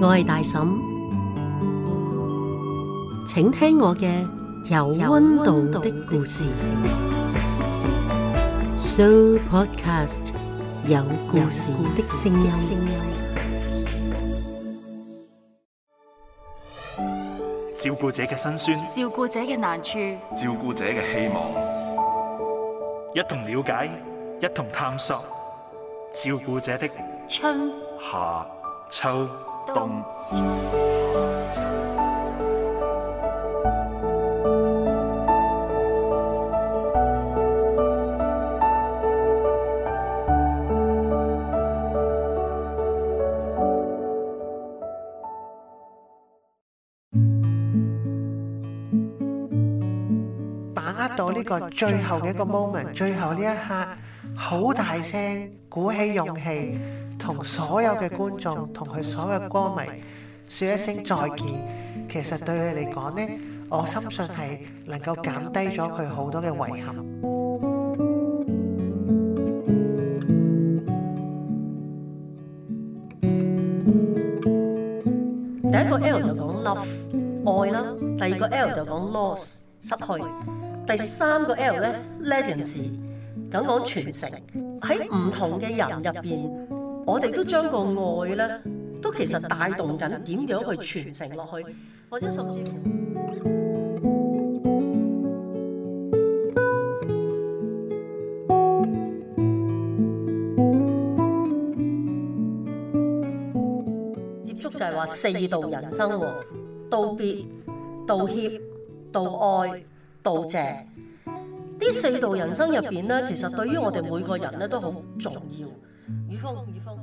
我係大嬸，請聽我嘅有溫度的故事。Show Podcast 有故事的聲音。照顧者嘅辛酸，照顧者嘅難處，照顧者嘅希望，一同了解，一同探索，照顧者的春、夏、秋。嗯、把握到呢個最後嘅一個 moment，最後呢一刻，好大聲，鼓起勇氣，同所有嘅觀眾同佢所有歌迷説一聲再見，其實對佢嚟講呢我深信係能夠減低咗佢好多嘅遺憾。第一個 L 就講 love 愛啦，第二個 L 就講 loss 失去，第三個 L 呢 legends 就講傳承喺唔同嘅人入邊。我哋都將個愛咧，都其實帶動緊點樣去傳承落去。我將手指接觸就係話四道人生喎：生道別、道歉、道愛、道謝。呢四道人生入邊咧，其實對於我哋每個人咧都好重要。雨風，雨風，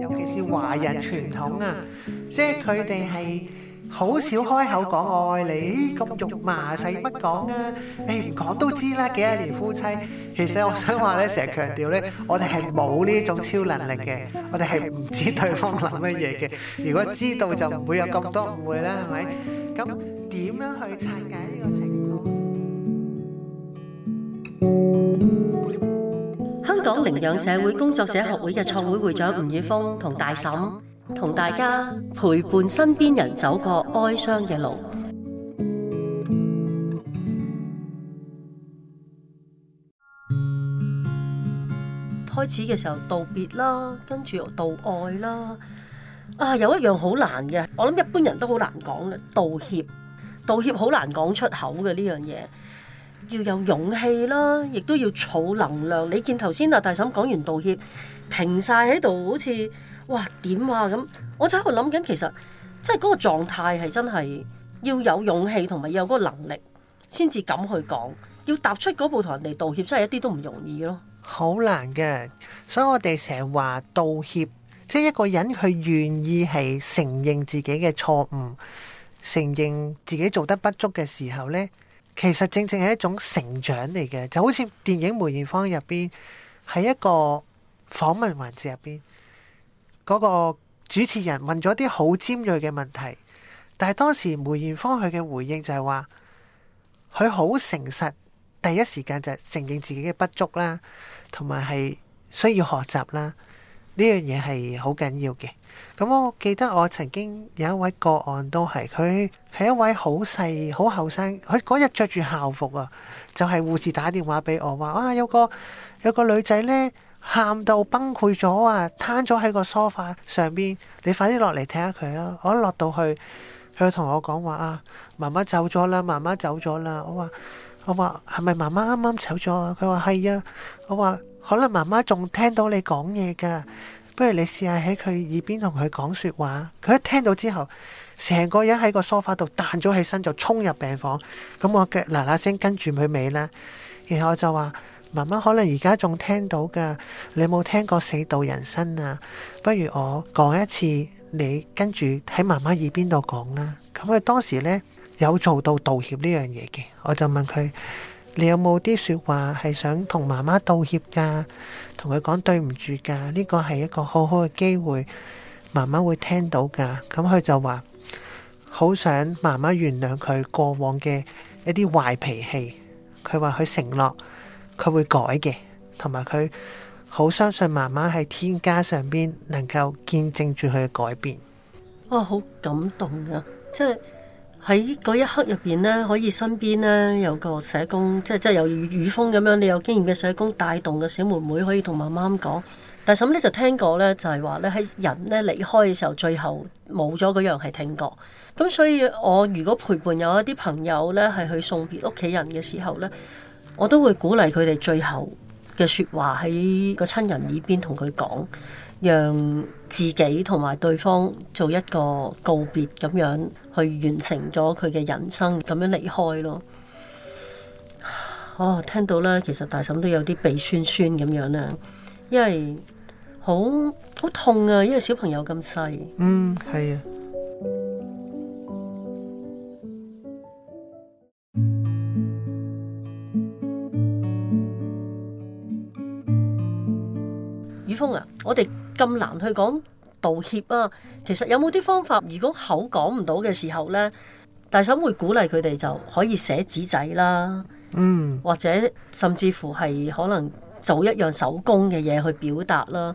尤其是華人傳統啊，即係佢哋係好少開口講我愛你咁肉麻，使乜講啊？你唔講都知啦，幾廿年夫妻。其實我想話咧，成日強調咧，我哋係冇呢種超能力嘅，我哋係唔知對方諗乜嘢嘅。如果知道就唔會有咁多誤會啦，係咪？咁點樣去拆解呢個情況？香港領養社會工作者學會嘅創會會長吳宇峯同大嬸同大家陪伴身邊人走過哀傷嘅路。開始嘅時候道別啦，跟住又道愛啦。啊，有一樣好難嘅，我諗一般人都好難講咧。道歉，道歉好難講出口嘅呢樣嘢，要有勇氣啦，亦都要儲能量。你見頭先啊大嬸講完道歉，停晒喺度，好似哇點啊咁。我就喺度諗緊，其實即係嗰個狀態係真係要有勇氣同埋要有嗰個能力先至敢去講，要踏出嗰步同人哋道歉，真係一啲都唔容易咯。好難嘅，所以我哋成日話道歉，即係一個人佢願意係承認自己嘅錯誤，承認自己做得不足嘅時候呢，其實正正係一種成長嚟嘅。就好似電影梅艷芳入邊喺一個訪問環節入邊，嗰個主持人問咗啲好尖銳嘅問題，但係當時梅艷芳佢嘅回應就係話佢好誠實。第一時間就承認自己嘅不足啦，同埋係需要學習啦，呢樣嘢係好緊要嘅。咁我記得我曾經有一位個案都係，佢係一位好細好後生，佢嗰日着住校服啊，就係護士打電話俾我話：啊有個有個女仔呢，喊到崩潰咗啊，攤咗喺個梳化上邊，你快啲落嚟睇下佢啊。」我一落到去，佢同我講話：啊，媽媽走咗啦，媽媽走咗啦！我話。我話，係咪媽媽啱啱走咗？佢話係啊。我話，可能媽媽仲聽到你講嘢噶，不如你試下喺佢耳邊同佢講說話。佢一聽到之後，成個人喺個梳化度彈咗起身就衝入病房。咁、嗯、我腳嗱嗱聲跟住佢尾啦。然後我就話，媽媽可能而家仲聽到噶，你冇聽過四道人生啊？不如我講一次，你跟住喺媽媽耳邊度講啦。咁、嗯、佢當時呢，有做到道歉呢樣嘢嘅，我就問佢：你有冇啲説話係想同媽媽道歉噶，同佢講對唔住噶？呢個係一個好好嘅機會，媽媽會聽到噶。咁佢就話：好想媽媽原諒佢過往嘅一啲壞脾氣。佢話佢承諾佢會改嘅，同埋佢好相信媽媽喺天家上邊能夠見證住佢嘅改變。哇！好感動啊，即係～喺嗰一刻入面咧，可以身邊咧有個社工，即係即係有雨雨風咁樣，你有經驗嘅社工帶動個小妹妹可以同媽媽講。但係咁咧就聽過咧，就係話咧喺人咧離開嘅時候，最後冇咗嗰樣係聽覺。咁所以我如果陪伴有一啲朋友咧係去送別屋企人嘅時候咧，我都會鼓勵佢哋最後嘅説話喺個親人耳邊同佢講。讓自己同埋對方做一個告別咁樣，去完成咗佢嘅人生咁樣離開咯。哦，聽到啦，其實大嬸都有啲鼻酸酸咁樣啦，因為好好痛啊，因為小朋友咁細。嗯，係啊。雨峰啊，我哋。咁難去講道歉啊！其實有冇啲方法？如果口講唔到嘅時候呢，大嬸會鼓勵佢哋就可以寫紙仔啦，嗯，或者甚至乎係可能做一樣手工嘅嘢，去表達啦。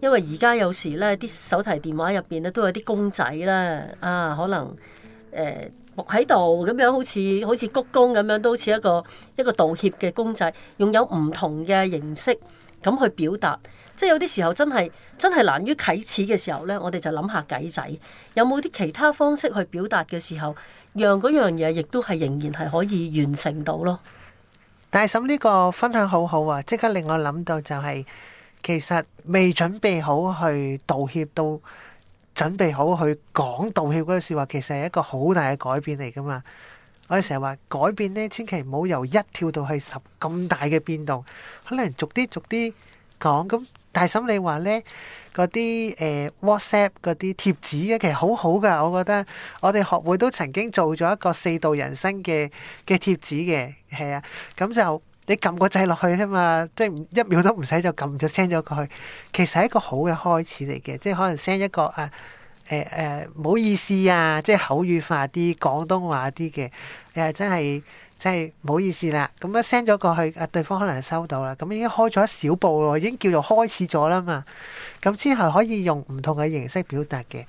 因為而家有時呢，啲手提電話入邊咧都有啲公仔啦，啊，可能誒木喺度咁樣，好似好似鞠躬咁樣，都好似一個一個道歉嘅公仔，用有唔同嘅形式。咁去表達，即係有啲時候真係真係難於啟齒嘅時候呢，我哋就諗下計仔，有冇啲其他方式去表達嘅時候，讓嗰樣嘢亦都係仍然係可以完成到咯。大嬸呢個分享好好啊，即刻令我諗到就係、是，其實未準備好去道歉，到準備好去講道歉嗰句説話，其實係一個好大嘅改變嚟㗎嘛。我哋成日話改變咧，千祈唔好由一跳到去十咁大嘅變動，可能逐啲逐啲講。咁大嬸你話咧，嗰啲誒 WhatsApp 嗰啲貼紙咧，其實好好㗎，我覺得。我哋學會都曾經做咗一個四度人生嘅嘅貼紙嘅，係啊。咁就你撳個掣落去啫嘛，即係一秒都唔使就撳咗 send 咗過去。其實係一個好嘅開始嚟嘅，即係可能 send 一個誒。啊誒誒，唔好、哎呃、意思啊，即係口語化啲廣東話啲嘅，誒真係真係唔好意思啦。咁樣 send 咗過去，啊對方可能收到啦。咁已經開咗一小步咯，已經叫做開始咗啦嘛。咁之後可以用唔同嘅形式表達嘅。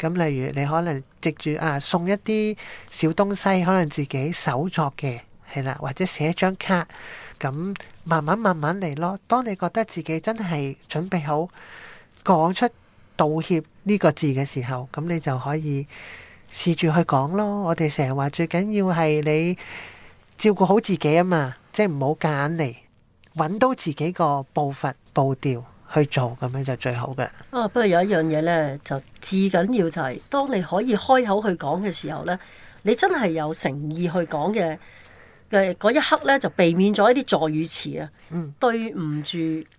咁例如你可能藉住啊送一啲小東西，可能自己手作嘅係啦，或者寫一張卡，咁慢慢慢慢嚟咯。當你覺得自己真係準備好講出道歉呢個字嘅時候，咁你就可以試住去講咯。我哋成日話最緊要係你照顧好自己啊嘛，即係唔好夾硬嚟，揾到自己個步伐步調去做，咁樣就最好嘅。哦、啊，不過有一樣嘢咧，就至緊要就係，當你可以開口去講嘅時候咧，你真係有誠意去講嘅嘅嗰一刻咧，就避免咗一啲助語詞啊，嗯、對唔住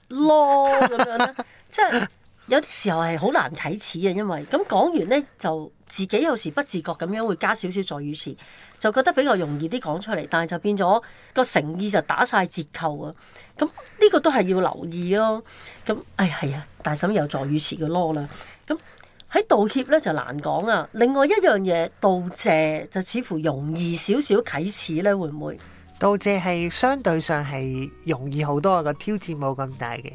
咯咁樣咧， 即係。有啲時候係好難啟齒嘅，因為咁講完呢，就自己有時不自覺咁樣會加少少助語詞，就覺得比較容易啲講出嚟，但係就變咗個誠意就打晒折扣啊！咁呢個都係要留意咯。咁哎係啊，大嬸有助語詞嘅囉啦。咁喺道歉呢就難講啊。另外一樣嘢道謝就似乎容易少少啟齒呢，會唔會？道謝係相對上係容易好多，個挑戰冇咁大嘅。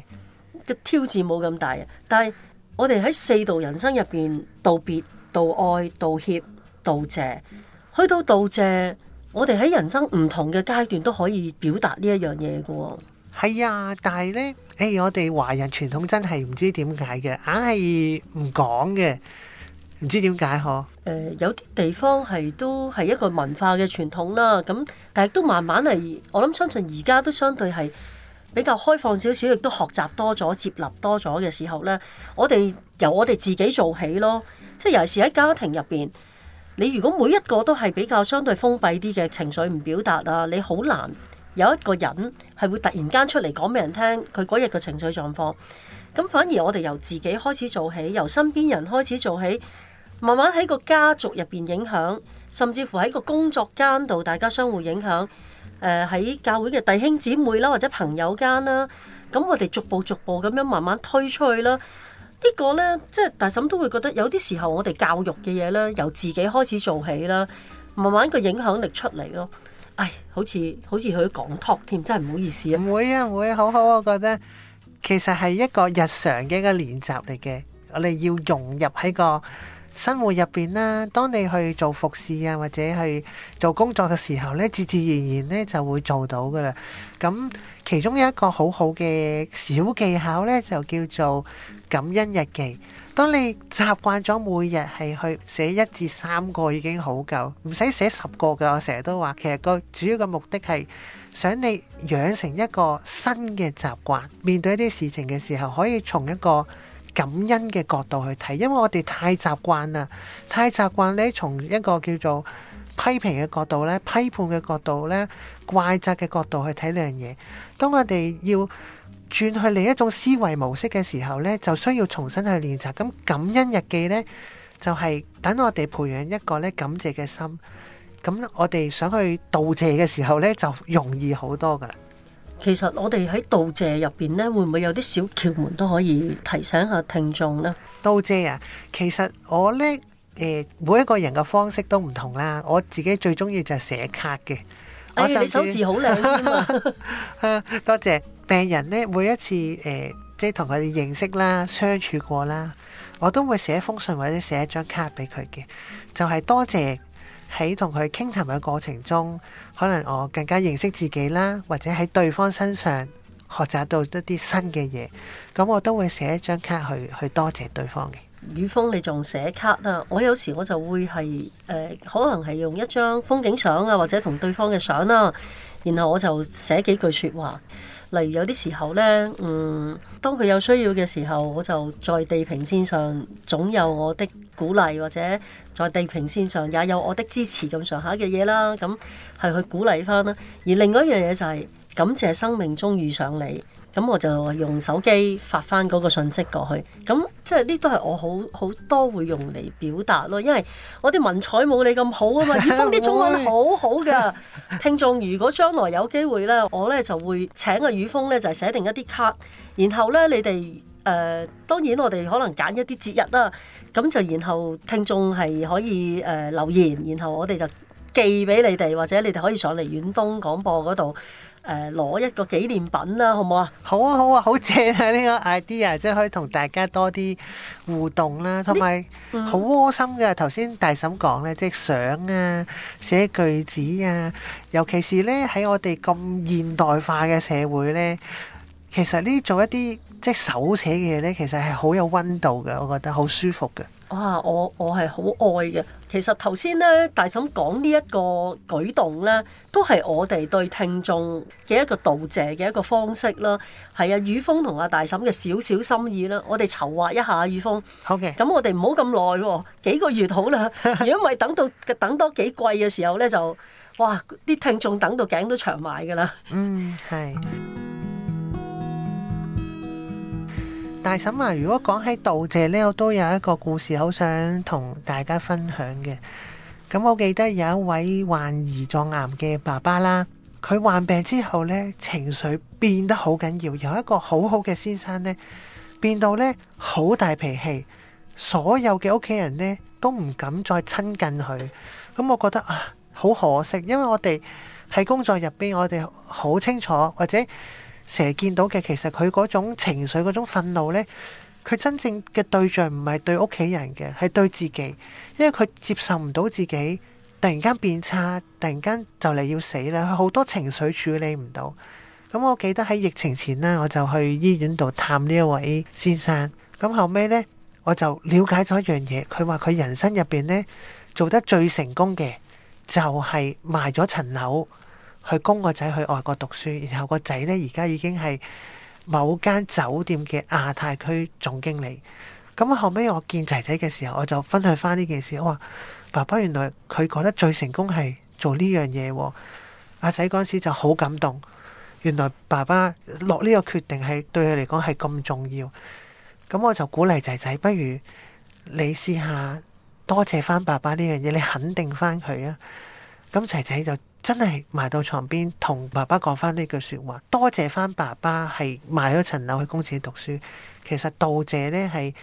嘅挑戰冇咁大啊！但係我哋喺四道人生入邊，道別、道愛、道歉、道謝，去到道謝，我哋喺人生唔同嘅階段都可以表達呢一樣嘢嘅。係啊，但係呢，誒、哎，我哋華人傳統真係唔知點解嘅，硬係唔講嘅，唔知點解嗬。有啲地方係都係一個文化嘅傳統啦，咁但係都慢慢係，我諗相信而家都相對係。比較開放少少，亦都學習多咗、接納多咗嘅時候呢，我哋由我哋自己做起咯。即係尤其是喺家庭入邊，你如果每一個都係比較相對封閉啲嘅情緒唔表達啊，你好難有一個人係會突然間出嚟講俾人聽佢嗰日嘅情緒狀況。咁反而我哋由自己開始做起，由身邊人開始做起，慢慢喺個家族入邊影響，甚至乎喺個工作間度大家相互影響。誒喺教會嘅弟兄姊妹啦，或者朋友間啦，咁我哋逐步逐步咁樣慢慢推出去啦。呢個呢，即係大嬸都會覺得有啲時候我哋教育嘅嘢咧，由自己開始做起啦，慢慢個影響力出嚟咯。唉，好似好似佢講 talk 添，真係唔好意思啊。唔會啊，唔會，好好，我覺得其實係一個日常嘅一個練習嚟嘅，我哋要融入喺個。生活入面啦，當你去做服侍啊，或者去做工作嘅時候咧，自自然然咧就會做到㗎喇。咁其中有一個好好嘅小技巧咧，就叫做感恩日記。當你習慣咗每日係去寫一至三個已經好夠，唔使寫十個㗎。我成日都話，其實個主要嘅目的係想你養成一個新嘅習慣，面對一啲事情嘅時候，可以從一個。感恩嘅角度去睇，因為我哋太習慣啦，太習慣咧從一個叫做批評嘅角度咧，批判嘅角度咧，怪責嘅角度去睇呢樣嘢。當我哋要轉去另一種思維模式嘅時候咧，就需要重新去練習。咁感恩日記咧，就係等我哋培養一個咧感謝嘅心。咁我哋想去道謝嘅時候咧，就容易好多噶。其實我哋喺道謝入邊咧，會唔會有啲小竅門都可以提醒下聽眾呢？道謝啊，其實我咧誒，每一個人嘅方式都唔同啦。我自己最中意就係寫卡嘅。哎、呀我你手字好靚啊多 謝病人咧，每一次誒、呃，即係同佢哋認識啦、相處過啦，我都會寫封信或者寫一張卡俾佢嘅，就係、是、多謝。喺同佢傾談嘅過程中，可能我更加認識自己啦，或者喺對方身上學習到一啲新嘅嘢，咁我都會寫一張卡去去多謝對方嘅。雨峰你仲寫卡啊？我有時我就會係誒、呃，可能係用一張風景相啊，或者同對方嘅相啦、啊，然後我就寫幾句説話。例如有啲時候咧，嗯，當佢有需要嘅時候，我就在地平線上總有我的鼓勵，或者在地平線上也有我的支持咁上下嘅嘢啦。咁係去鼓勵返啦。而另外一樣嘢就係感謝生命中遇上你。咁我就用手機發翻嗰個信息過去，咁即係呢都係我好好多會用嚟表達咯，因為我啲文采冇你咁好啊嘛， 宇峰啲中文好好嘅。 聽眾如果將來有機會咧，我咧就會請阿宇峰咧就係、是、寫定一啲卡，然後咧你哋誒、呃、當然我哋可能揀一啲節日啦，咁就然後聽眾係可以誒、呃、留言，然後我哋就寄俾你哋，或者你哋可以上嚟遠東廣播嗰度。誒攞、呃、一個紀念品啦，好唔好啊？好啊，好啊，好正啊！呢、這個 idea 即係可以同大家多啲互動啦、啊，同埋好窩心嘅。頭先、嗯、大嬸講咧，即係相啊、寫句子啊，尤其是咧喺我哋咁現代化嘅社會咧，其實呢做一啲即係手寫嘅嘢咧，其實係好有溫度嘅，我覺得好舒服嘅。哇！我我係好愛嘅。其實頭先咧，大嬸講呢一個舉動咧，都係我哋對聽眾嘅一個道謝嘅一個方式啦。係啊，宇峰同阿大嬸嘅小小心意啦，我哋籌劃一下，宇峰，好嘅。咁我哋唔好咁耐喎，幾個月好啦。如果唔係等到等多幾季嘅時候咧，就哇啲聽眾等到頸都長埋㗎啦。嗯，係。大嬸啊，如果講起道謝呢，我都有一個故事好想同大家分享嘅。咁我記得有一位患胰臟癌嘅爸爸啦，佢患病之後呢，情緒變得好緊要，由一個好好嘅先生呢，變到呢好大脾氣，所有嘅屋企人呢都唔敢再親近佢。咁我覺得啊，好可惜，因為我哋喺工作入邊，我哋好清楚或者。成日見到嘅，其實佢嗰種情緒嗰種憤怒呢，佢真正嘅對象唔係對屋企人嘅，係對自己，因為佢接受唔到自己突然間變差，突然間就嚟要死啦，佢好多情緒處理唔到。咁我記得喺疫情前呢，我就去醫院度探呢一位先生。咁後尾呢，我就了解咗一樣嘢，佢話佢人生入邊呢，做得最成功嘅就係賣咗層樓。佢供個仔去外國讀書，然後個仔咧，而家已經係某間酒店嘅亞太區總經理。咁後尾我見仔仔嘅時候，我就分享翻呢件事。我話：爸爸，原來佢覺得最成功係做呢樣嘢。阿仔嗰時就好感動，原來爸爸落呢個決定係對佢嚟講係咁重要。咁我就鼓勵仔仔，不如你試下多謝翻爸爸呢樣嘢，你肯定翻佢啊。咁仔仔就。真係埋到床邊，同爸爸講返呢句說話，多謝返爸爸係賣咗層樓去公廁讀書。其實道謝呢係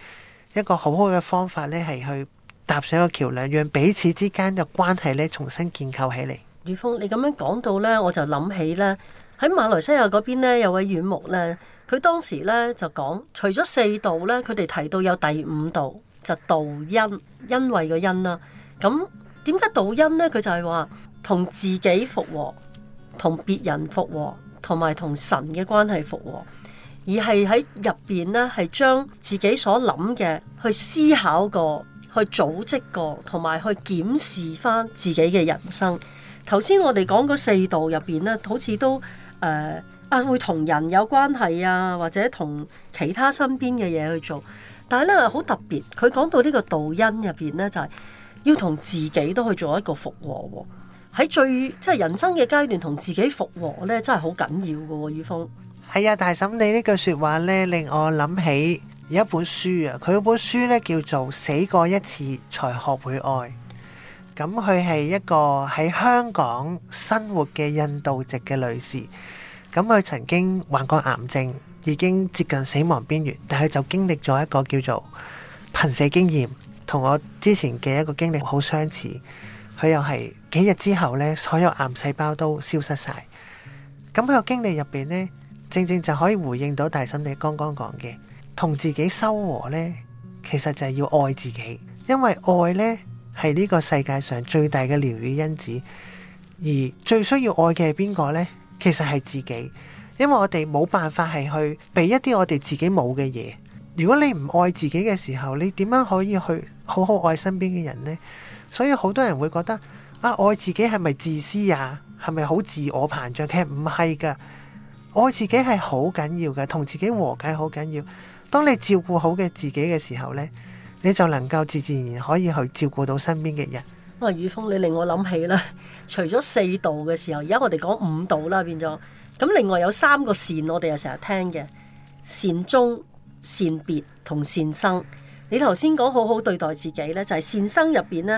一個好好嘅方法呢，係去搭上個橋樑，讓彼此之間嘅關係呢重新建構起嚟。雨峰，你咁樣講到呢，我就諗起呢，喺馬來西亞嗰邊呢，有位遠木呢，佢當時呢就講，除咗四道呢，佢哋提到有第五道就道因，因、啊、為嘅因啦。咁點解道因呢？佢就係話。同自己復和，同別人復和，同埋同神嘅關係復和。而係喺入邊呢，係將自己所諗嘅去思考過，去組織過，同埋去檢視翻自己嘅人生。頭先我哋講個四道入邊呢，好似都誒、呃、啊會同人有關係啊，或者同其他身邊嘅嘢去做，但係咧好特別，佢講到呢個導因入邊呢，就係、是、要同自己都去做一個復和。喺最即係、就是、人生嘅階段同自己復和呢，真係好緊要嘅、啊。宇峰，係啊，大嬸，你呢句説話呢，令我諗起有一本書啊。佢本書呢，叫做《死過一次才學會愛》。咁佢係一個喺香港生活嘅印度籍嘅女士。咁、嗯、佢曾經患過癌症，已經接近死亡邊緣，但係就經歷咗一個叫做瀕死經驗，同我之前嘅一個經歷好相似。佢又係幾日之後呢，所有癌細胞都消失晒。咁佢個經歷入邊呢，正正就可以回應到大心你剛剛講嘅，同自己修和呢，其實就係要愛自己，因為愛呢，係呢個世界上最大嘅療愈因子。而最需要愛嘅係邊個呢？其實係自己，因為我哋冇辦法係去俾一啲我哋自己冇嘅嘢。如果你唔愛自己嘅時候，你點樣可以去好好愛身邊嘅人呢？所以好多人會覺得啊，愛自己係咪自私呀，啊？係咪好自我膨脹？其實唔係噶，愛自己係好緊要噶，同自己和解好緊要。當你照顧好嘅自己嘅時候呢，你就能夠自自然然可以去照顧到身邊嘅人。啊，宇峰，你令我諗起啦，除咗四道嘅時候，而家我哋講五道啦，變咗咁。另外有三個善，我哋又成日聽嘅善終、善別同善、善生。你頭先講好好對待自己，就是，呢，就係善生入邊呢，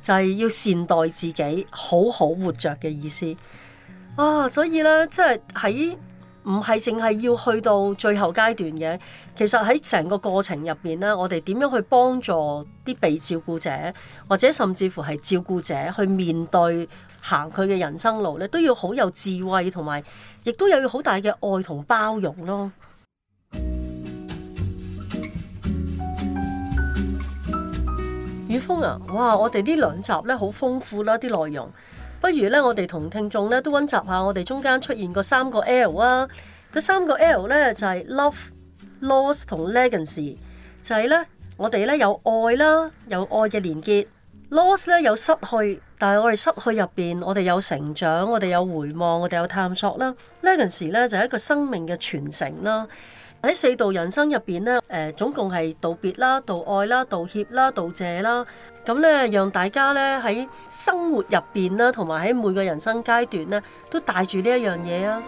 就係要善待自己，好好活着嘅意思啊！所以咧，即係喺唔係淨係要去到最後階段嘅，其實喺成個過程入邊咧，我哋點樣去幫助啲被照顧者，或者甚至乎係照顧者去面對行佢嘅人生路咧，都要好有智慧，同埋亦都有好大嘅愛同包容咯。雨峰啊，哇！我哋呢兩集咧好豐富啦，啲內容。不如咧，我哋同聽眾咧都溫習下我哋中間出現過三個 L 啊。嗰三個 L 咧就係 love、loss 同 legacy。就係、是、咧，我哋咧有愛啦，有愛嘅連結。loss 咧有失去，但係我哋失去入邊，我哋有成長，我哋有回望，我哋有探索啦。legacy 咧就係、是、一個生命嘅傳承啦。喺四道人生入邊呢，誒、呃，總共係道別啦、道愛啦、道歉啦、道謝啦，咁咧讓大家咧喺生活入邊啦，同埋喺每個人生階段咧，都帶住呢一樣嘢啊。